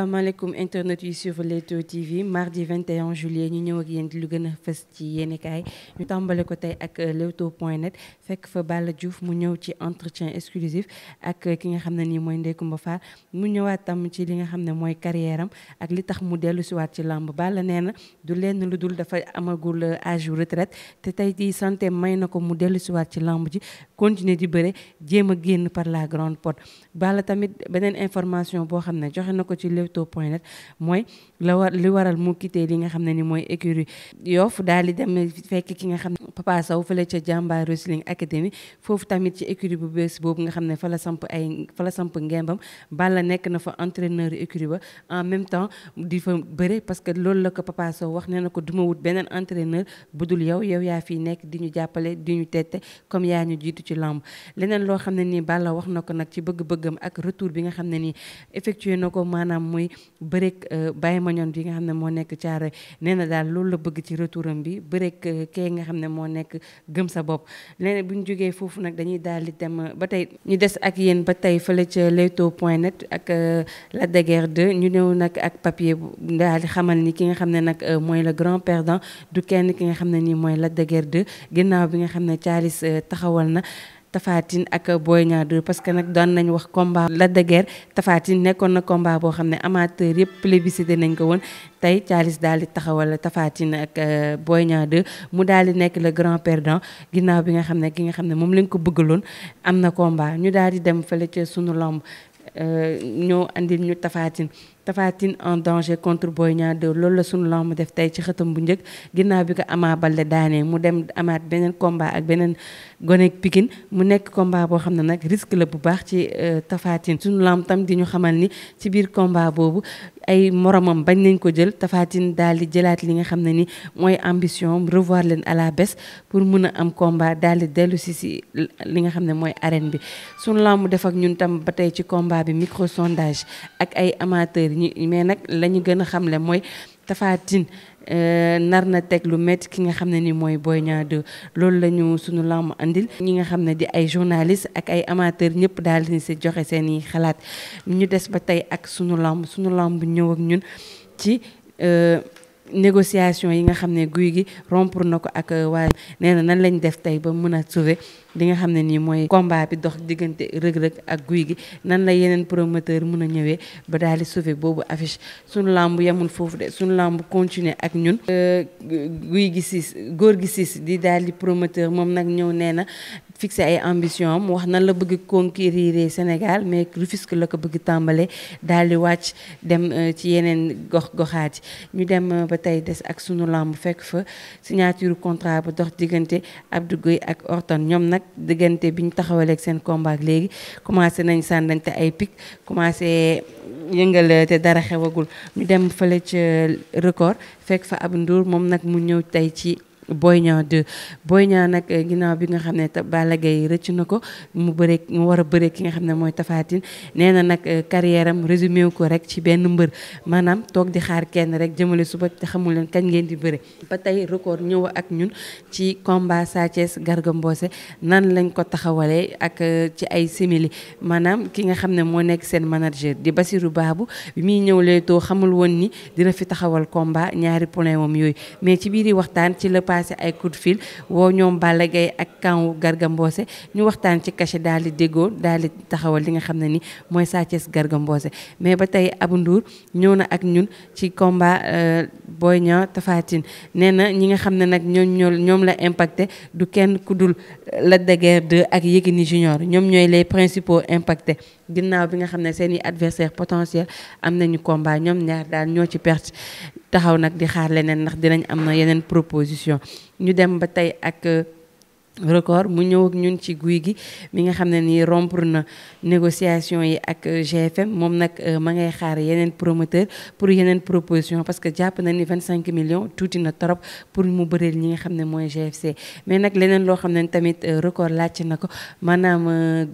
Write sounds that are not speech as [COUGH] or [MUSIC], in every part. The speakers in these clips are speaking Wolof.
asalaamaaleykum internet yi suivre Leewtoo TV mardi 21 juillet ñu ñëw ak lu gën a ci yéen ñu tàmbale ko tey ak Leewtoo point net fekk fa Balla Diouf mu ñëw ci entretien exclusif ak ki nga xam ne nii mooy Ndeye Coumba Fall mu ñëwaat tam ci li nga xam ne mooy carrière ak li tax mu dellu siwaat ci làmb bala nee na du lenn lu dul dafa amagul âge retraite te tey di santé may na ko mu dellu siwaat ci làmb ji continuer di bëre jéem a génn par la grande pot Balla leewtoo point net mooy li waral mu quitté li nga xam ne ni mooy écurie Yoff daal di dem fekk ki nga xam ne Papa Sow fële ca Jàmbaar Wrestling Academy foofu tamit ci bu nga xam ne fa la samp ay fa la samp ngembam nekk na fa entraîneur écurie ba en même temps di fa bëre parce que loolu la ko Papa Sow wax ne na ko duma wut beneen entraîneur bu dul yow yow yaa fii nekk di ñu jàppale di ñu tette comme yaa ñu jiitu ci lamb leneen loo xam ne nii Balla wax na ko nag ci bëgg-bëggam ak retour bi nga xam ne nii effectué na ko maanaam muy bëreeg euh, ma ñoon bi nga xam ne moo nekk caare nee na daal loolu la bëgg ci retouram bi bëreeg euh, kee nga xam ne moo nekk gëm sa bopp leneen bu ñu jógee foofu nag dañuy daal di dem ba tey ñu des ak yéen ba tey fële ca leewtoo point net ak euh, Lac de ñu ñëw nag ak papier daal di xamal ni ki nga xam ne nag mooy le grand perdant du kenn ki nga xam ne nii mooy Lac de Guiers 2 bi nga xam ne Thialis taxawal na tafaatin Tine ak Boy Niang 2 parce que nag doon nañu wax combat la de tafaatin nekkoon na combat boo xam ne amateur yëpp plébiscité nañ ko woon tey Thialis daal di taxawal Tapha Tine ak euh, Boy Niang mu daal di nekk le grand perdant ginnaaw bi nga xam ne ki nga xam ne moom lañ ko bëggaloon am na combat ñu daal di dem fële ca sunu lamb euh, ñoo andil ñu tafaatin Tine Tapha en danger contre Boy Niang 2 loolu la suñu lamb def tey ci xëtam bu njëkk ginnaaw bi ko Ama Baldé daanee mu dem amaat beneen combat ak beneen gonek pikin mu nekk combat boo xam ne nag risque la bu baax ci euh, Tapha Tine suñu lamb tam di ñu xamal ni ci biir combat boobu ay moromam bañ nañ ko jël tafaatin Tine daal di jëlaat li nga xam ne ni mooy ambition revoir leen à la baisse pour mun a am combat daal dellusi si li nga xam ne mooy arène bi suñu lamb def ak ñun tam ba tey ci combat bi micro sondage ak ay amateurs ñi mais nag la ñu gën a xamle mooy tafaatin Euh, nar na teg lu métti ki nga xam ne ni mooy booy Niang 2 loolu la ñu sunu lamb andil ñi nga xam ne di ay journaliste ak ay amateurs ñëpp daal di si joxe seen i xalaat ñu des ba tey ak sunu lamb sunu lamb ñëw ak ñun ci. Euh, négociation yi nga xam ne guy gi rompre na ko ak euh, waa nee na nan lañ def tey ba mën a sauver li nga xam ne nii mooy combat bi dox diggante rëg-rëg ak guy gi nan la yeneen promoteur mun a ñëwee ba daal di sauver boobu affiche suñu làmb yemul foofu de suñu làmb continuer ak ñun euh, guy gi siis góor gi siis di daal di promoteur moom nag ñëw nee na fixé ay ambition am wax nan la bëgg conquérir Sénégal mais Rufisque la ko bëgg tàmbale daal di wàcc dem euh, ci yeneen gox goxaat yi ñu dem euh, ba tey des ak sunu làmb fekk fa signature contrat bu dox diggante Abdou Gueye ak Orton ñoom nag diggante bi ñu taxawaleeg seen combat léegi commencé nañ sàndante ay pic commencé yëngale euh, te dara xewagul ñu dem fële ca record fekk fa ab Ndour moom nag mu ñëw tey ci Boy Niang 2 Boy Niang nag eh, ginnaaw bi nga xam ne Balla Gaye rëcc na ko mu bëre mu war a bëre ki nga xam ne mooy Tapha Tine nee na nag eh, carrière am wu ko rek ci benn mbër maanaam toog di xaar kenn rek jëmale suba te xamul leen kañ ngeen di bëre ba tey record ñëw ak ñun ci combat Sa Thiès Garga nan lañ ko taxawalee ak eh, ci ay simili maanaam ki nga xam ne moo nekk seen manager di Basirou baabu bi muy ñëw Leewtoo xamul woon ni dina fi taxawal combat ñaari point moom yooyu passé ay coup de woo ñoom Balla Gaye ak kanwu Garga Mbossé ñu waxtaan ci cachet daal di déggoo daal di taxawal li nga xam ne ni mooy Sa Thiès Garga Mbossé mais ba tey Abou Ndour ñëw na ak ñun ci combat euh, Boy Niang Tapha Tine nee na ñi nga xam ne nag ñoom ñoom la impacté du kenn ku dul euh, Lac de ak 2 ak Yékini Junior ñoom ñooy les principaux impactés ginnaaw bi nga xam ne seen i adversaire potentiel am nañu combat ñoom ñaar daal ñoo ci perte taxaw nag di xaar leneen ndax dinañ am na yeneen proposition ñu dem ba tey ak euh, record mu ñëw ak ñun ci guy gi mi nga xam ne nii rompre na négociation yi ak euh, GFM moom nag euh, ma ngay xaar yeneen promoteur pour yeneen proposition parce que jàpp na ni vingt cinq millions tuuti na trop pour mu bëreel ñi nga xam ne mooy GFC mais nag leneen loo xam ne tamit record laajte na ko maanaam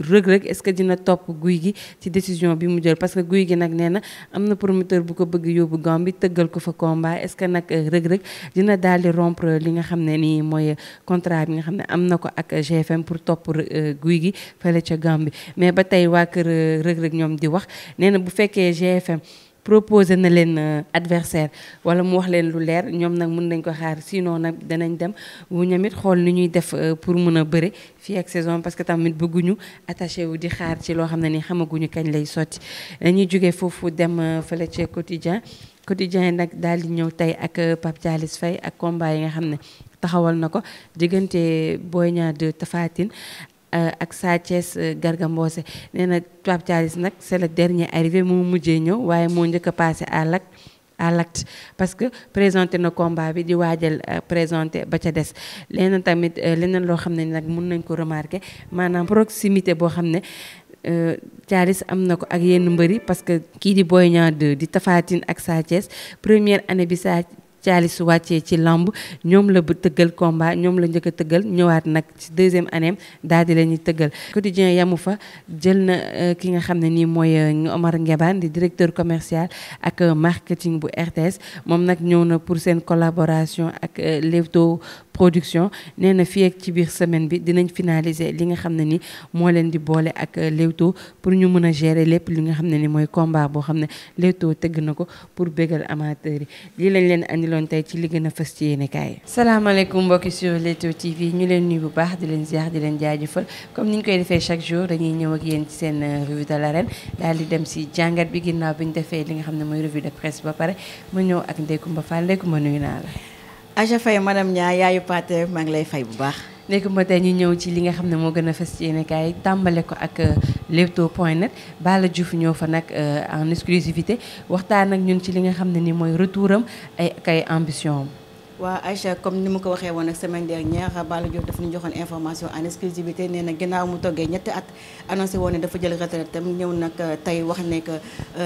Reug Reug est-ce que dina topp guy gi ci décision bi mu jël parce que guy gi nag nee na am na promoteur bu ko bëgg yóbbu Gambie tëggal ko fa combat est-ce que nag euh, Reug Reug dina daal di rompre li nga xam ne nii mooy euh, contrat bi nga xam ne am na ko ak euh, GFM pour topp guy gi fële ca Gambie mais ba tey waa kër Reug Reug ñoom di wax nee na bu fekkee GFM. proposé na leen euh, adversaire wala mu wax leen lu leer ñoom nag mun nañ ko xaar sinon nag danañ dem wu ñamit xool ni ñuy def euh, pour mën a bëre fii ak saison parce que tamit bëgguñu attaché wu di xaar ci loo xam ne nii xamaguñu kañ lay sotti dañuy jógee foofu dem euh, fële ci quotidien quotidien yi nag daal di ñëw tey ak Pape Thialis Faye ak combat yi nga xam ne taxawal na ko diggante Boy Niang Euh, ak Sa Thiès euh, Garga Mbossé nee na Pape Thialis nag c'est le dernier arrivé moo mujjee ñëw waaye moo njëkk a passé à l'acte parce que présenté na komba bi di waajal euh, présenté ba ca des leneen tamit leneen loo xam ne nag mun nañ ko remarqué maanaam proximité boo xam ne Thialis am na ko ak yenn mbëri parce que kii di Boy Niang 2 di Tapha ak Sa première année bi Sa Thialis wàccee ci lamb ñoom la bu tëggal combat ñoom la njëkk a tëggal ñëwaat nag ci deuxième année daal di la ñuy tëggal quotidien yamu fa jël na euh, ki nga xam ne nii mooy euh, Omar Ngeban di directeur commercial ak euh, marketing bu RTS moom nag ñëw na pour seen collaboration ak Leewtoo production nee na fii ci biir semaine bi dinañ finaliser li nga xam ne ni moo leen di boole ak euh, Leewtoo pour ñu mën a gérer lépp li nga xam ne ni mooy combat boo xam ne Leewtoo tëgg na ko pour bégal amateurs yi lii lañ leen andiloon tey ci li gën a fës ci yéene kaay. salaamaaleykum mbokki sur Leewtoo TV ñu leen nuyu bu baax di leen ziar di leen jaajëfal comme ni ñu koy defee chaque jour dañuy ñëw ak yéen seen euh, revue de l'arène daal di dem si jàngat bi ginnaaw bi ñu defee li nga xam ne mooy revue de presse ba pare ma ñëw ak Ndeye Coumba Fall Ndeye Coumba nuyu naa la. Aja Faye madame Nia yaayu Pathé maa ngi lay fay bu baax. léegi moo tey ñu ñëw ci li nga xam ne moo gën a fës ci yéenekaay yi tàmbale ko ak euh, Leewtoo point net Bala Diouf ñëw fa nag euh, en exclusivité waxtaan ak ñun ci li nga xam ne ni mooy retour am ay kay ambition am. waaw comme ni ma ko waxee woon ak semaine dernière Bala Diouf daf ñu joxoon information en exclusivité nee na ginnaaw mu toggee ñetti at annoncé woon ne dafa jël retraite tam ñëw nag euh, tey wax ne que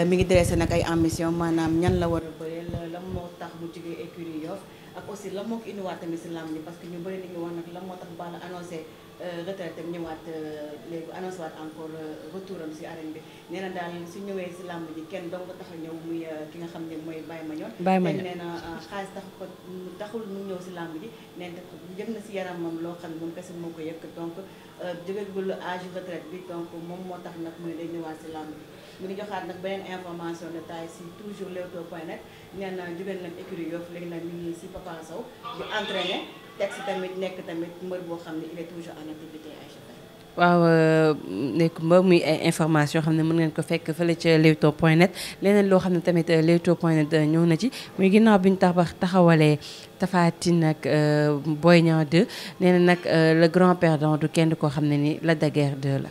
mi ngi dressé nag ay ambition maanaam ñan la war a bëreel la moo tax mu jógee écurie Yoff ak aussi lan moo ko indiwaat tamit si làmb ji parce que ñu bëri nañu wax nag lan moo tax Balla annoncé Euh, retraité am ñëwaat euh, léegi annoncé waat encore euh, retour am si arène bi nee na daal si ñëwee si làmb ji kenn dong tax a ñëw muy ki nga xam ne mooy Baye Mandione. Baye Mandione nee na xaalis tax ko taxul mu ñëw si làmb ji nee na jëm na si yaramam loo xam ne moom kese moo ko yëkk donc jógegul âge retraite bi donc moom moo tax nag mu ne day ñëwaat si làmb ji. mu ngi joxaat nag beneen information de taille si toujours leewtoo point net nee na jóge nag écurie Yoff léegi nag ñu ngi si teg si tamit nekk tamit mbër boo xam ne il est toujours en activité waaw euh, nekk mba muy ay information xam ne mën ngeen ko fekk fële ca Leewtoo point net leneen loo xam ne tamit euh, Leewtoo point net euh, ñëw na ci muy ginnaaw bi ñu tabax taxawalee Tapha Tine nag Boy Niang 2 nag la grand perdant du kenn koo xam ne ni la de Guiers la.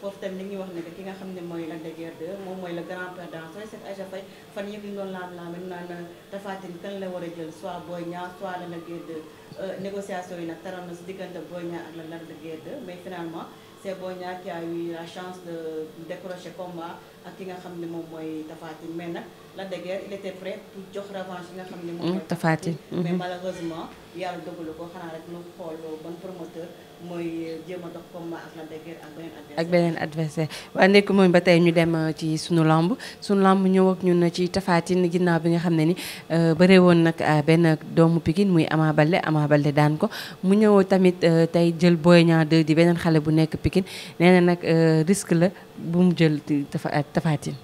foofu tam li ñuy wax ne ki nga xam ne mooy Lac de Guiers moom mooy le grand perdant sooy seet Aïcha Faye fan yëpp ñu doon laam laam naan Tapha Tine kan la war a jël soit Boy Niang soit Lac de Guiers 2 euh, négociation yi nag taral na si diggante Boy Niang la Lac de Guiers 2 mais finalement c'est Boy Niang qui a la chance de décrocher combat ak moom mooy hmm, mooy Tafatine hmm. beneen adversaire. ak beneen nekk moom ba tey ñu dem euh, ci sunu làmb sunu lamb ñëw ñun ñun ci Tafatine ginnaaw bi nga xam ne ni euh, bëree woon nag euh, benn doomu pikin muy Ama Baldé Ama Baldé daan ko mu ñëwoo tamit tey jël booy Niang 2 beneen xale bu nekk pikin nee na nag risque la. bu mu jël tafa tafaatin.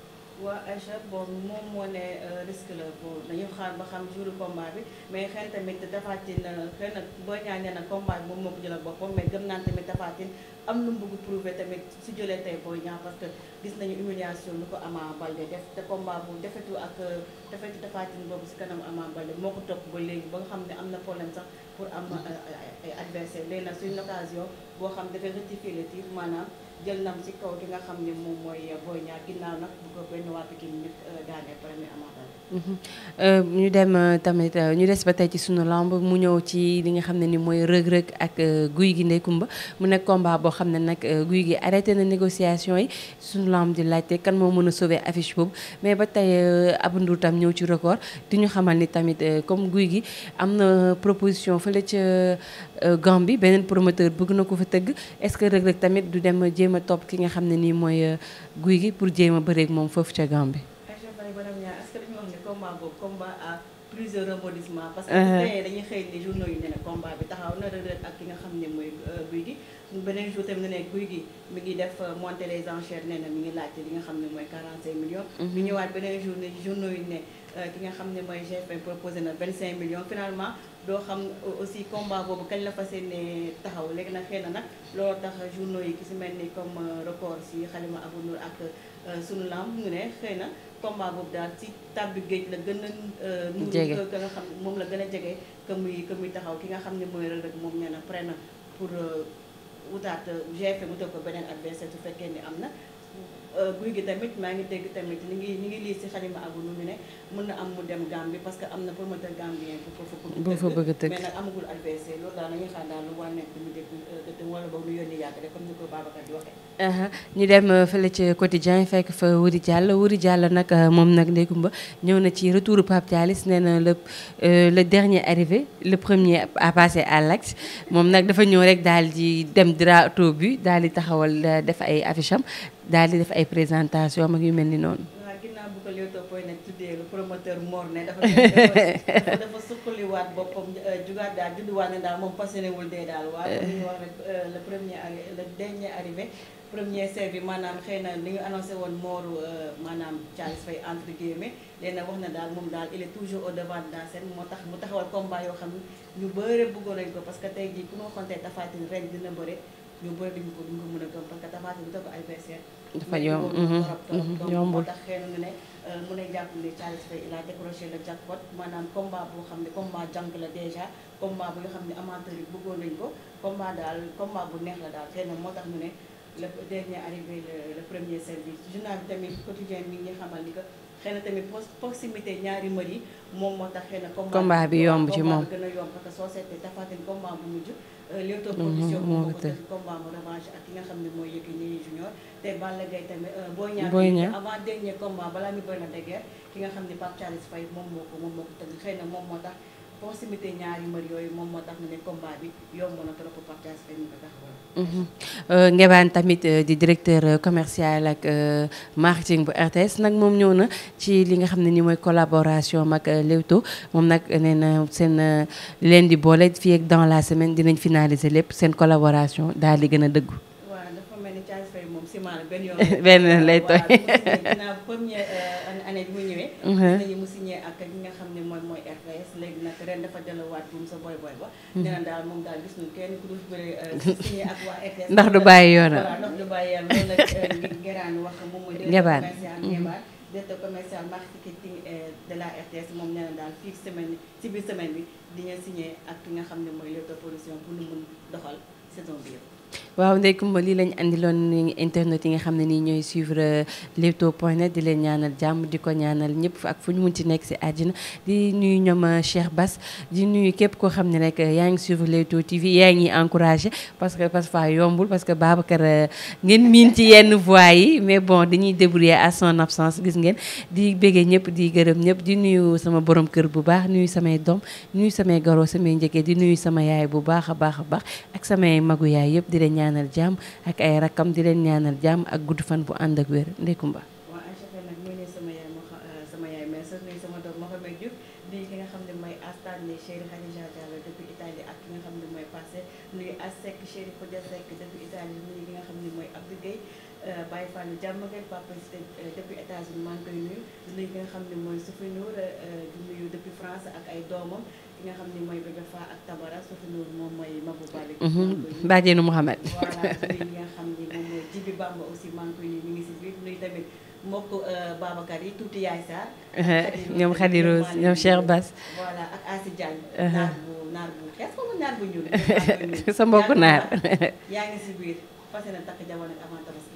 waaw Aïcha bon moom moo ne euh, risque la bu dañu xaar ba xam jour combat bi mais xëy tamit tafaatin euh, xëy boo ñaanee nag combat bi moo ko boppam mais gëm naan tamit tafaatin am lu mu tamit su jëlee tey booy ñaar parce que gis nañu humiliation lu ko Ama Baldé def te combat bu defetu ak euh, defetu tafaatin boobu si kanam Ama Baldé moo ko topp ba léegi ba nga xam ne am na problème sax pour am ay adversaire léegi nag suñu occasion boo xam dafay rectifier maanaam. jël nam euh, mhm. euh, ñu dem euh, tamit ñu des ba tey ci sunu lamb mu ñëw ci li nga xam ne ni mooy rëg-rëg ak guy gi ndey kumba mu nekk combat boo xam ne nag guy gi arrêté na négociation yi sunu lamb di laajte kan moo mën a sauver affiche boobu mais ba tey Abou tam ñëw ci record di ñu xamal ni tamit comme guy gi am na proposition fële ca Euh, Gambie beneen promoteur bëgg na ko fa tëgg est-ce que Reug Reug tamit du dem jéem a topp ki nga xam ne nii mooy euh, guy gi pour jéem a bëreeg moom foofu ca Gambie. plusieurs rebondissements parce que euh. tey dañuy xëy ni journaux yi ne ne combat bi taxaw na Reug Reug ak ki nga xam ne mooy guy gi beneen jour tamit ne ne guy gi mu ngi def monter les enchères nee na mi ngi laajte li nga xam ne mooy 45 millions ñu mhm. ñëwaat beneen jour ne journaux yi ne ki nga xam ne mooy GFM proposé na 25 millions finalement doo xam aussi combat boobu kañ la fa yéene taxaw léegi na xëy na nag looloo tax journaux yi ki si mel ni comme euh, record si xalima Abou Nour ak euh, sunu lamb ñu ne xëy na combat boobu daal ci tàbbi géej la gën a euh, nuur que nga xam moom la gën a jege muy que muy taxaw ki nga xam ne mooy Reug Reug moom nee na prêt na pour wutaat GFM mu tëg ko beneen adversaire su fekkee ni am na Euh, guy gi tamit maa ngi dégg tamit ñu ngi lii si xalima agu nu mu ne mën na am mu dem Gambie parce que am na promoteur bëgg a tëgg mu dégg euh, yàgg rek comme ñu dem euh, fële ci quotidien fekk fa Wuri Diallo Wuri Diallo nag moom nag ndéegumba ñëw na ci retouru Pape Thialis nee na le dernier arrivé le premier à à l'axe moom nag dafa ñëw rek daal di dem drapeau bi daal di taxawal def ay affiche daal di def ay présentation mag yu mel ni noonu. waaw ginnaaw bu ko Leewtoo point net tuddee promoteur Mor ne dafa dafa dafa suqaliwaat boppam euh, jugaat daal judduwaat ne daal moom passionné wul dee daal waaw li ñu wax rek euh, le premier le dernier arrivé. premier servi maanaam xëy na li ñu annoncé woon mooru euh, maanaam Charles Faye entre guillemets léegi nag wax na daal moom daal il est toujours au devant de la scène moo tax mu taxawal combat yoo xam ne ñu bëre bëggoon nañ ko parce que tey jii ku ma xonte Tapha Tine ren ñu bëri dañu ko duñ ko mën a doon parce que Tapha Tine bu tëgg adversaire dafa yomb mhm, mhm, yombul tax xëy a euh, jàpp ne Thialis Faye il a décroché le jackpot maanaam combat boo xam ne combat jàng la déjà combat bu xam ne amateur yi bëggoon nañ ko combat daal bu neex la daal xëy moo tax ñu ne le dernier arrivé le premier service journal bi tamit quotidien mi ngi xamal ni que xëy tamit proximité ñaari mbër yi moom moo tax xëy na combat bi yomb ci moom gën a yomb soo seetee Tapha Tine combat bu mujj Euh, Leewtoo production mmh, mmh, moo ko tëgg combat revanche ak ki nga xam ne mooy Yékini junior te Balla Gaye tamit euh, Boy Niang avant dernier combat balaa ñu bëri na dëgër ki nga xam ne Pape Thialis Faye moom moo ko moom moo ko tëgg xëy na moom moo tax proximité mhm. euh, tamit euh, di directeur euh, commercial ak marketing bu RTS nag moom ñëw na ci li nga xam ne ni mooy collaboration ak Leewtoo moom nag nee seen leen di boole fii ak dans la semaine dinañ finaliser lépp seen collaboration daal di gën a dëggu. benn [LAUGHS] lay tooy ren dafa delluwaat buum sa boy boy ba. Hmm. nee daal moom daal gis nañu kenn ku dul bëre euh, [LAUGHS] signé ak waa RTS. ndax du bàyyi yoonam voilà ndax du bàyyi yoonam loolu la euh, Ngeraan wax moom mooy. Ngebaan hmm. Ngebaan directeur commercial marketing euh, de la RTS moom nee na daal fii semaine ci biir semaine bi di nga signé ak ki nga xam ne mooy Leewtoo Production pour lu mun doxal saison bi waaw Ndeye Comba lii lañ andiloon internet yi nga xam ne nii ñooy suivre euh, Leewtoo point net di leen ñaanal jàmm di ko ñaanal ñëpp ak fu ñu mun ci nekk si àddina di nuyu ñoom euh, Cheikh Bass di nuyu képp koo xam ne rek euh, yaa ngi suivre Leewtoo TV yaa ngi encouragé parce que parfois yombul parce que Babacar ngeen miin ci yenn voix yi mais bon dañuy débrouiller à son absence gis ngeen di béggee ñëpp di gërëm ñëpp di nuyu sama borom kër bu baax nuyu samay doom nuyu samay goro samay njëkkee di nuyu sama yaay bu baax a baax a baax ak samay magu yaay yëpp di ñaanal jàmm ak ay rakkam di leen ñaanal jàmm ak gudd fan bu ànd ak wér ndekumba euh, euh, Baye Fall jàmmagay papa depuis États-Unis maa ngi koy nuyu di nuyu ki nga xam ne mooy Soufi Nour euh, di a depuis France ak ay doomam ki nga xam ne mooy Bébé Fa mhm. ngi si biir nuyu tamit mbokk euh, Babacar yi tuuti Yaay Sarr. Uh-huh. ñoom Khady ñoom Cheikh Bass. voilà ak Asi uh-huh. [LAUGHS] sa mbokk naar. [LAUGHS]